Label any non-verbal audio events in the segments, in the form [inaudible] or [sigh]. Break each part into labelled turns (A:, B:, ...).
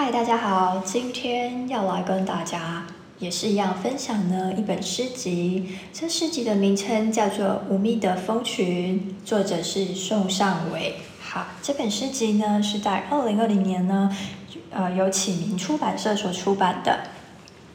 A: 嗨，Hi，大家好，今天要來跟大家也是一樣分享呢一本詩集。這詩集的名稱叫做《無蜜的蜂群》，作者是宋尚緯。好，這本詩集呢是在二零二零年呢，呃，由啟明出版社所出版的。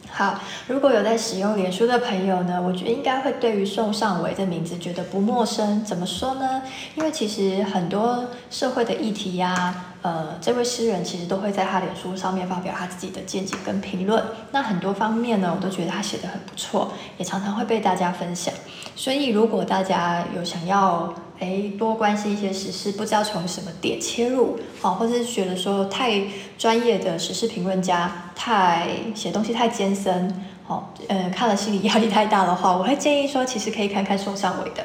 A: 好，如果有在使用臉書的朋友呢，我覺得應該會對於宋尚緯的名字覺得不陌生。怎麼說呢？因為其實很多社會的議題呀、啊。呃，這位詩人其實都會在他臉書上面發表他自己的見解跟評論。那很多方面呢，我都覺得他寫得很不錯，也常常會被大家分享。所以，如果大家有想要哎多關心一些時事，不知道從什麼點切入哦，或者是覺得說太專業的時事評論家太寫東西太艱深哦，嗯、呃，看了心理壓力太大的話，我會建議說，其實可以看看宋尚緯的。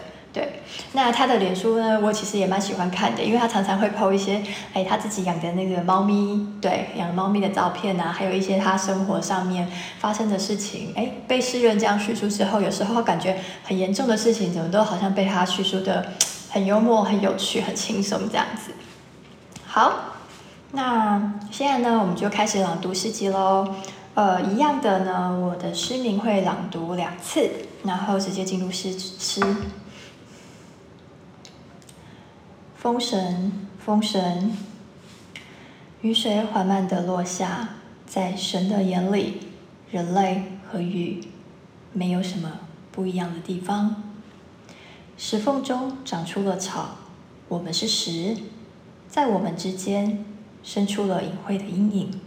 A: 那他的臉書呢？我其實也蠻喜歡看的，因為他常常會 PO 一些，誒、哎，他自己養的那個貓咪，對，養貓咪的照片啊，還有一些他生活上面發生的事情。哎，被詩人這樣敘述之後，有時候感覺很嚴重的事情，怎麼都好像被他敘述的很幽默、很有趣、很輕鬆這樣子。好，那現在呢，我們就開始朗讀詩集嘍。呃，一樣的呢，我的詩名會朗讀兩次，然後直接進入詩詩。吃封神，封神。雨水緩慢地落下，在神的眼裡，人類和雨沒有什麼不一樣的地方。石縫中長出了草，我們是石，在我們之間生出了隱晦的陰影。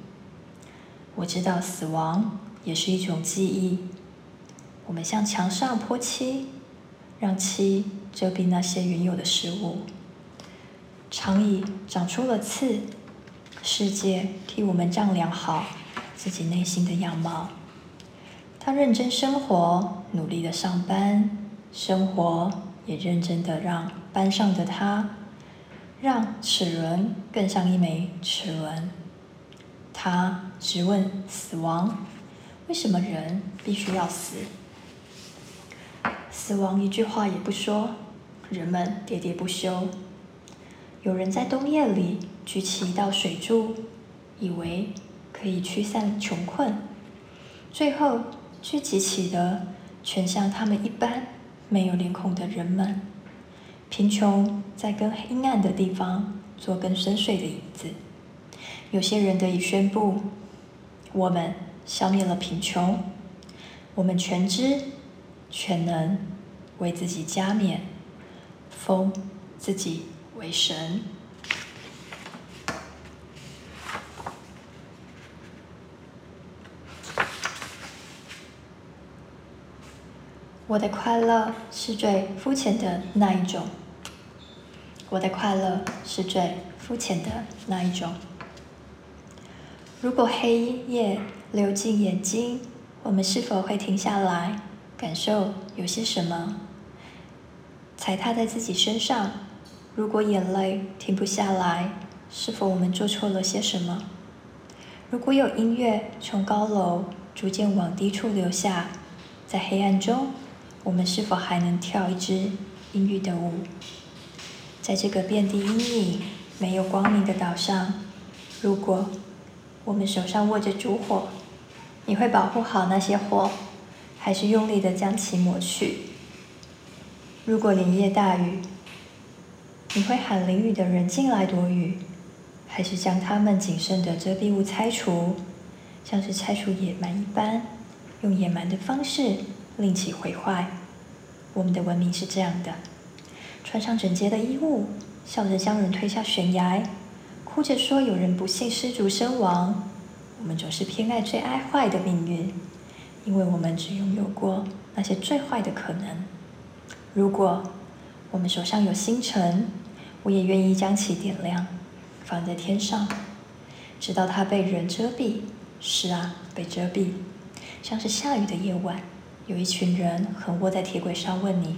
A: 我知道死亡也是一種記憶。我們向牆上潑漆，讓漆遮蔽那些原有的事物。長椅長出了刺，世界替我們丈量好自己內心的樣貌。他認真生活，努力的上班，生活也認真的讓班上的他，讓齒輪更像一枚齒輪。他質問死亡：為什麼人必須要死？死亡一句話也不說，人們喋喋不休。有人在冬夜裡舉起一道水柱，以為可以驅散窮困，最後聚集起的全像他們一般沒有臉孔的人們。貧窮在更陰暗的地方做更深邃的影子。有些人得以宣布：“我們消滅了貧窮，我們全知、全能，為自己加冕，封自己。”為神。我的快樂是最膚淺的那一種。我的快樂是最膚淺的那一種。如果黑夜流進眼睛，我們是否會停下來感受有些什麼？踩踏在自己身上。如果眼淚停不下來，是否我們做錯了些什麼？如果有音樂從高樓逐漸往低處流下，在黑暗中，我們是否還能跳一支陰鬱的舞？在這個遍地陰影、沒有光明的島上，如果我們手上握着燭火，你會保護好那些火，還是用力地將其抹去？如果連夜大雨，你會喊淋雨的人進來躲雨，還是將他們僅剩的遮蔽物拆除，像是拆除野蠻一般，用野蠻的方式令其毀壞？我們的文明是這樣的：穿上整潔的衣物，笑着將人推下懸崖，哭着說有人不幸失足身亡。我們總是偏愛最哀壞的命運，因為我們只擁有過那些最壞的可能。如果我們手上有星辰，我也願意將其點亮，放在天上，直到它被人遮蔽。是啊，被遮蔽，像是下雨的夜晚，有一群人橫臥在鐵軌上問你：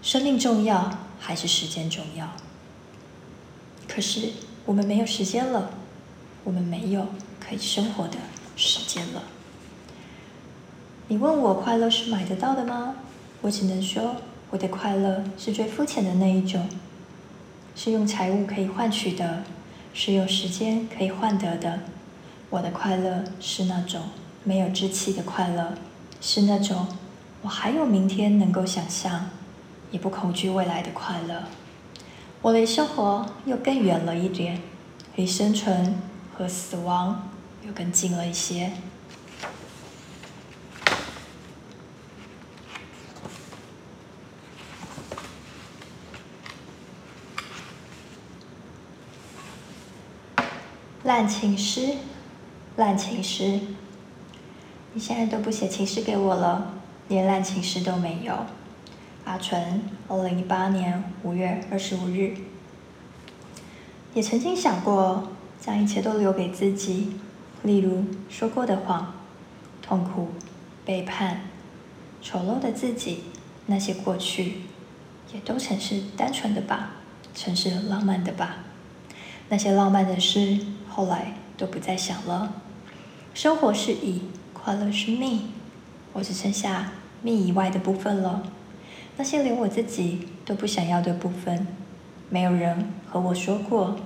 A: 生命重要還是時間重要？可是我們沒有時間了，我們沒有可以生活的時間了。你問我快樂是買得到的嗎？我只能說，我的快樂是最膚淺的那一種。是用財物可以換取的，是用時間可以換得的。我的快樂是那種沒有志氣的快樂，是那種我還有明天能夠想象，也不恐懼未來的快樂。我離生活又更遠了一點，離生存和死亡又更近了一些。爛情詩，爛情詩，你現在都不寫情詩給我了，連爛情詩都沒有。阿純，二零一八年五月二十五日。也曾經想過將一切都留給自己，例如說過的謊、痛苦、背叛、醜陋的自己，那些過去，也都曾是單純的吧，曾是很浪漫的吧。那些浪漫的事，後來都不再想了。生活是蟻，快樂是蜜，我只剩下蜜以外的部分了。那些連我自己都不想要的部分，沒有人和我說過。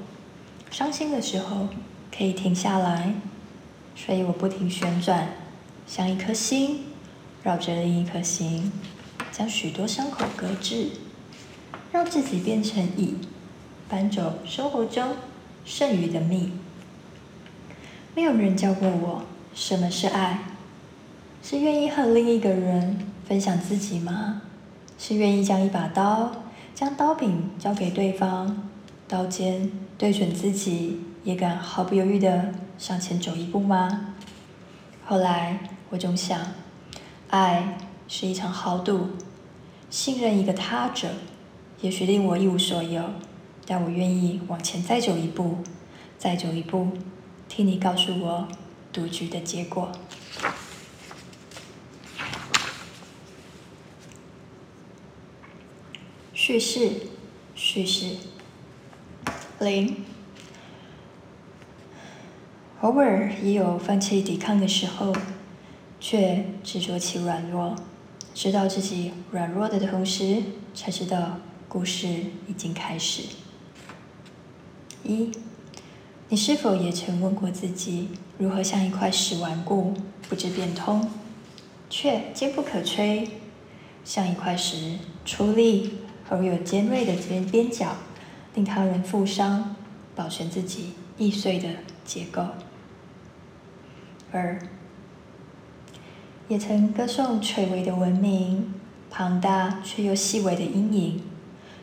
A: 傷心的時候可以停下來，所以我不停旋轉，像一顆星繞着另一顆星，將許多傷口擱置，讓自己變成蟻，搬走生活中。剩餘的命，沒有人教過我什麼是愛，是願意和另一個人分享自己嗎？是願意將一把刀，將刀柄交給對方，刀尖對準自己，也敢毫不猶豫的向前走一步嗎？後來我總想，愛是一場豪賭，信任一個他者，也許令我一無所有。但我願意往前再走一步，再走一步，聽你告訴我賭局的結果。敘事，敘事，零。偶爾也有放棄抵抗的時候，卻執着其軟弱，知道自己軟弱的同時，才知道故事已經開始。一，你是否也曾問過自己，如何像一塊石頑固不知變通，卻堅不可摧？像一塊石，粗糲而有尖銳的邊邊角，令他人負傷，保全自己易碎的結構。二，也曾歌頌垂危的文明，龐大卻又細微的陰影，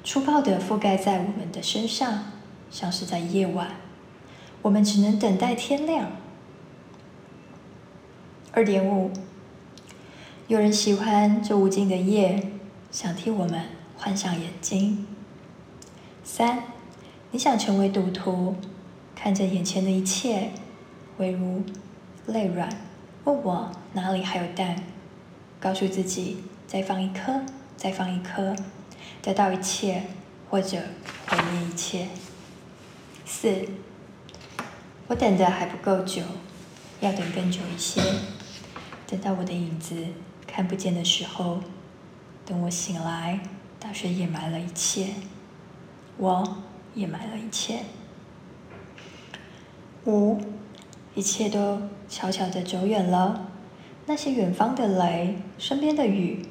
A: 粗暴地覆蓋在我們的身上。像是在夜晚，我們只能等待天亮。二點五，有人喜歡這無盡的夜，想替我們換上眼睛。三，你想成為賭徒，看着眼前的一切，微如淚軟，問我哪裡還有蛋，告訴自己再放一顆，再放一顆，得到一切，或者毀滅一切。四，我等的還不夠久，要等更久一些，等到我的影子看不見的時候，等我醒來，大雪掩埋了一切，我掩埋了一切。五，一切都悄悄地走遠了，那些遠方的雷，身邊的雨，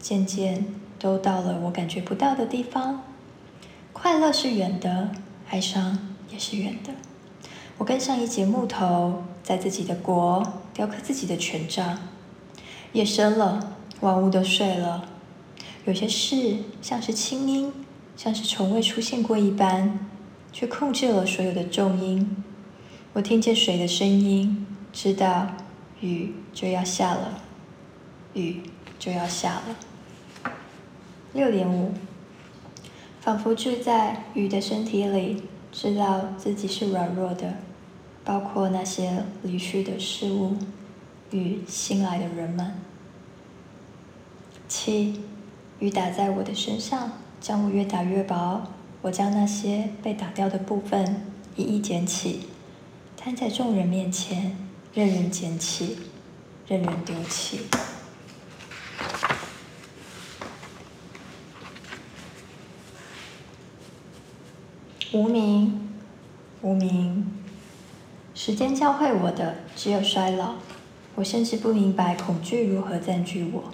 A: 漸漸都到了我感覺不到的地方。快樂是遠的，哀傷，也是圓的。我跟上一節木頭，在自己的國雕刻自己的權杖。夜深了，萬物都睡了。有些事像是輕音，像是從未出現過一般，卻控制了所有的重音。我聽見水的聲音，知道雨就要下了，雨就要下了。六點五，仿佛住在雨的身體裡。知道自己是軟弱的，包括那些離去的事物與新來的人們。七，雨打在我的身上，將我越打越薄。我將那些被打掉的部分一一撿起，攤在眾人面前，任人撿起，任人丟棄。無名，無名。時間教會我的只有衰老，我甚至不明白恐懼如何佔據我。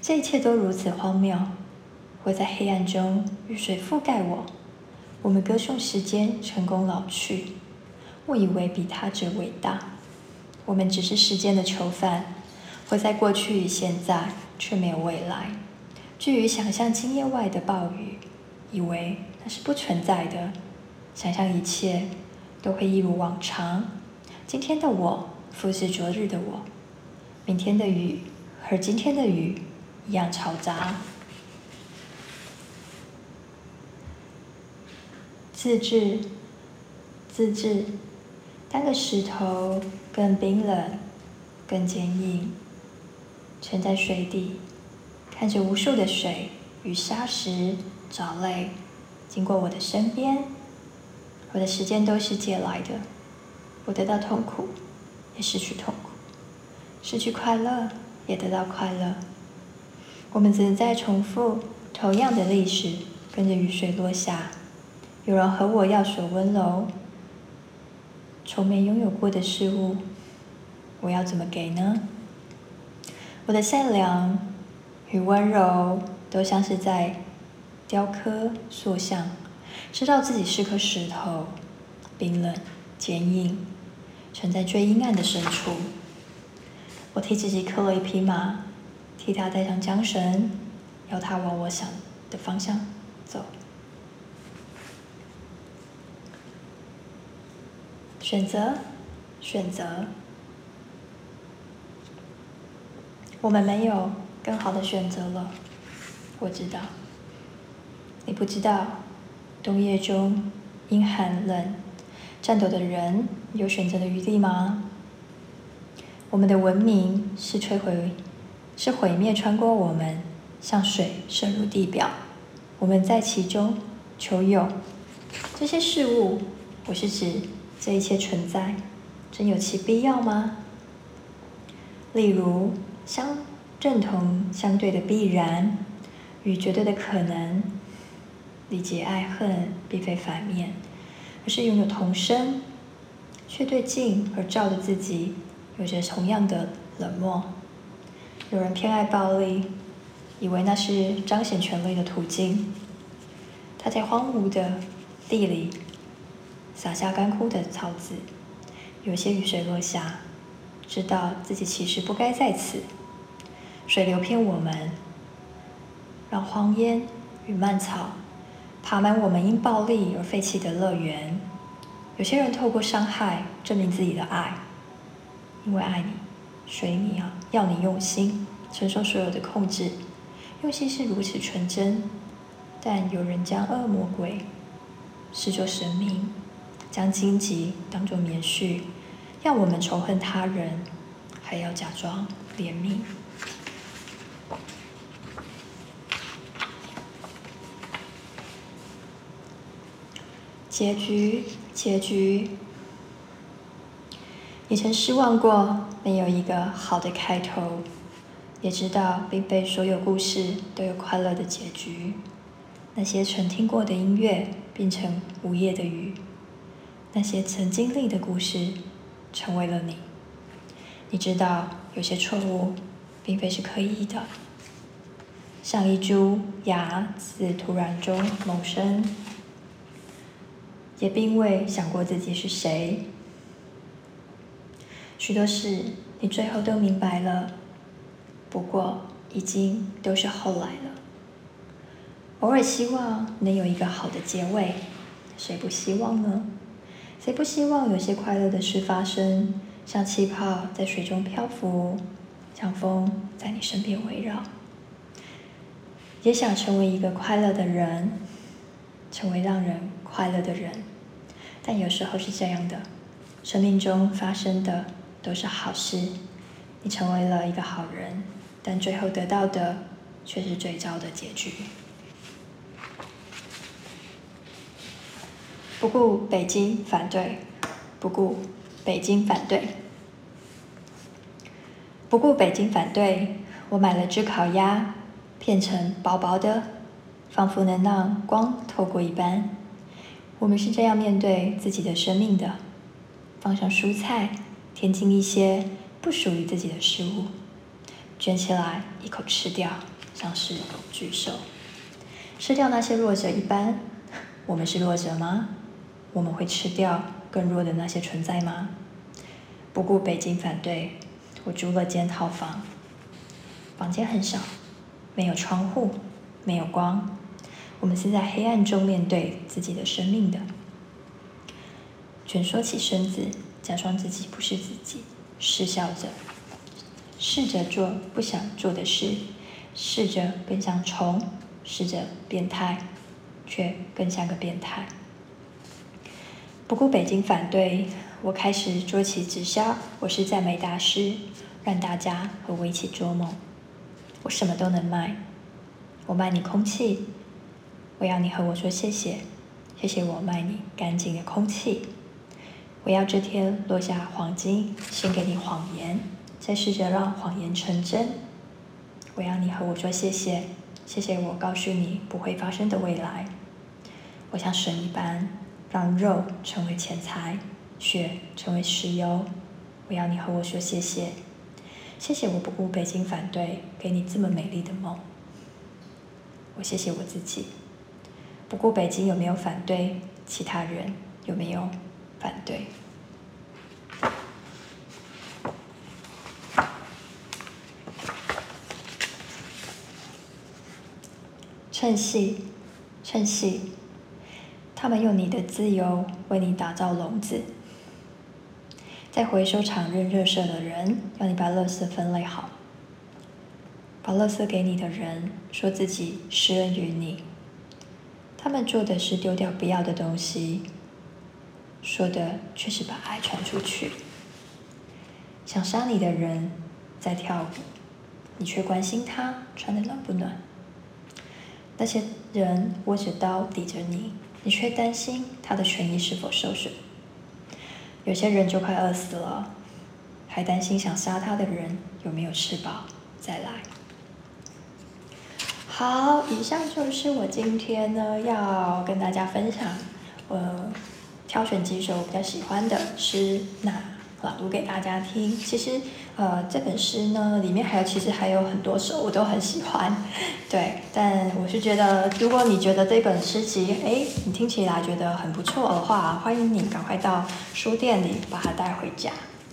A: 這一切都如此荒謬。會在黑暗中，雨水覆蓋我。我們歌頌時間，成功老去，誤以為比他者偉大。我們只是時間的囚犯，活在過去與現在，卻沒有未來。至於想象經驗外的暴雨，以為。那是不存在的。想象一切都會一如往常。今天的我複製昨日的我，明天的雨和今天的雨一樣嘈雜。自制，自制，單個石頭更冰冷，更堅硬，沉在水底，看着無數的水與沙石找、藻類。經過我的身邊，我的時間都是借來的。我得到痛苦，也失去痛苦；失去快樂，也得到快樂。我們只能在重複同樣的歷史，跟着雨水落下。有人和我要說溫柔，從沒擁有過的事物，我要怎麼給呢？我的善良與溫柔，都像是在……雕刻塑像，知道自己是顆石頭，冰冷堅硬，沉在最陰暗的深處。我替自己刻了一匹馬，替他帶上韁繩，要他往我想的方向走。選擇，選擇。我們沒有更好的選擇了，我知道。你不知道，冬夜中，因寒冷顫抖的人有選擇的餘地嗎？我們的文明是摧毀，是毀滅穿過我們，像水滲入地表。我們在其中求有這些事物，不是指這一切存在，真有其必要嗎？例如，相認同相對的必然，與絕對的可能。理解愛恨，並非反面，而是擁有同聲，卻對鏡而照的自己，有着同樣的冷漠。有人偏愛暴力，以為那是彰顯權威的途徑。他在荒蕪的地裡，撒下乾枯的草籽，有些雨水落下，知道自己其實不該在此。水流騙我們，讓荒煙與蔓草。爬滿我們因暴力而廢棄的樂園。有些人透過傷害證明自己的愛，因為愛你，所以你要，要你用心承受所有的控制。用心是如此純真，但有人將惡魔鬼視作神明，將荊棘當作棉絮，要我們仇恨他人，還要假裝憐憫。結局，結局。你曾失望過，沒有一個好的開頭。也知道，並非所有故事都有快樂的結局。那些曾聽過的音樂，變成午夜的雨；那些曾經歷的故事，成為了你。你知道，有些錯誤，並非是刻意的。像一株芽，自土壤中萌生。也並未想過自己是誰。許多事你最後都明白了，不過已經都是後來了。偶爾希望能有一個好的結尾，誰不希望呢？誰不希望有些快樂的事發生，像氣泡在水中漂浮，像風在你身邊圍繞。也想成為一個快樂的人，成為讓人。快樂的人，但有時候是這樣的：生命中發生的都是好事。你成為了一個好人，但最後得到的卻是最糟的結局。不顧北京反對，不顧北京反對，不顧北京反對，我買了只烤鴨，片成薄薄的，仿佛能讓光透過一般。我們是這樣面對自己的生命的：放上蔬菜，添進一些不屬於自己的食物，捲起來一口吃掉，像是巨獸，吃掉那些弱者一般。我們是弱者嗎？我們會吃掉更弱的那些存在嗎？不顧北京反對，我租了間套房。房間很小，沒有窗戶，沒有光。我們是在黑暗中面對自己的生命的，蜷縮起身子，假裝自己不是自己，是笑着，試着做不想做的事，試着更像蟲，試着變態，卻更像個變態。不顧北京反對，我開始做起直銷。我是讚美大師，讓大家和我一起做夢。我什麼都能賣，我賣你空氣。我要你和我說謝謝，謝謝我賣你乾淨的空氣。我要這天落下黃金，先給你謊言，再試着讓謊言成真。我要你和我說謝謝，謝謝我告訴你不會發生的未來。我像神一般讓肉成為錢財，血成為石油。我要你和我說謝謝，謝謝我不顧北京反對給你這麼美麗的夢。我謝謝我自己。不顧北京有沒有反對？其他人有沒有反對？趁戲，趁戲，他們用你的自由為你打造籠子，在回收場認垃圾的人，讓你把垃圾分類好，把垃圾給你的人，說自己施恩於你。他們做的是丟掉不要的東西，說的卻是把愛傳出去。想殺你的人在跳舞，你卻關心他穿得暖不暖；那些人握着刀抵着你，你卻擔心他的權益是否受損。有些人就快餓死了，還擔心想殺他的人有沒有吃飽再來。好，以上就是我今天呢要跟大家分享，我、呃、挑選幾首我比較喜歡的詩，那朗讀給大家聽。其實，呃，這本詩呢裡面還有，其實還有很多首我都很喜歡，對。但我是覺得，如果你覺得這本詩集，誒、欸，你聽起來覺得很不錯的話，歡迎你趕快到書店裡把它帶回家。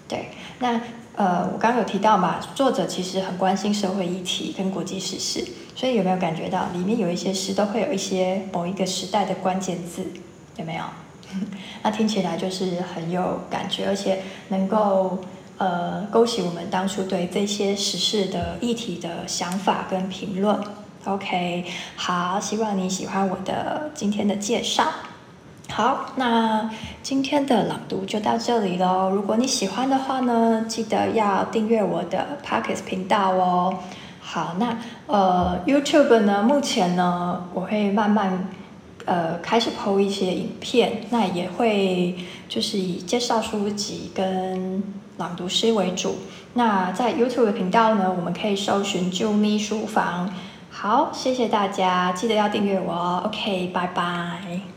A: 對，那。呃，我剛剛有提到嘛，作者其實很關心社會議題跟國際時事，所以有沒有感覺到裡面有一些詩都會有一些某一個時代的關鍵字，有沒有？ [laughs] 那聽起來就是很有感覺，而且能夠呃勾起我們當初對這些時事的議題的想法跟評論。OK，好，希望你喜歡我的今天的介紹。好，那今天的朗讀就到這裡嘍。如果你喜歡的話呢，記得要訂閱我的 Podcast 頻道哦。好，那呃 YouTube 呢，目前呢，我會慢慢呃開始 po 一些影片，那也會就是以介紹書籍跟朗讀詩為主。那在 YouTube 的頻道呢，我們可以搜尋“啾咪書房”。好，謝謝大家，記得要訂閱我哦。OK，拜拜。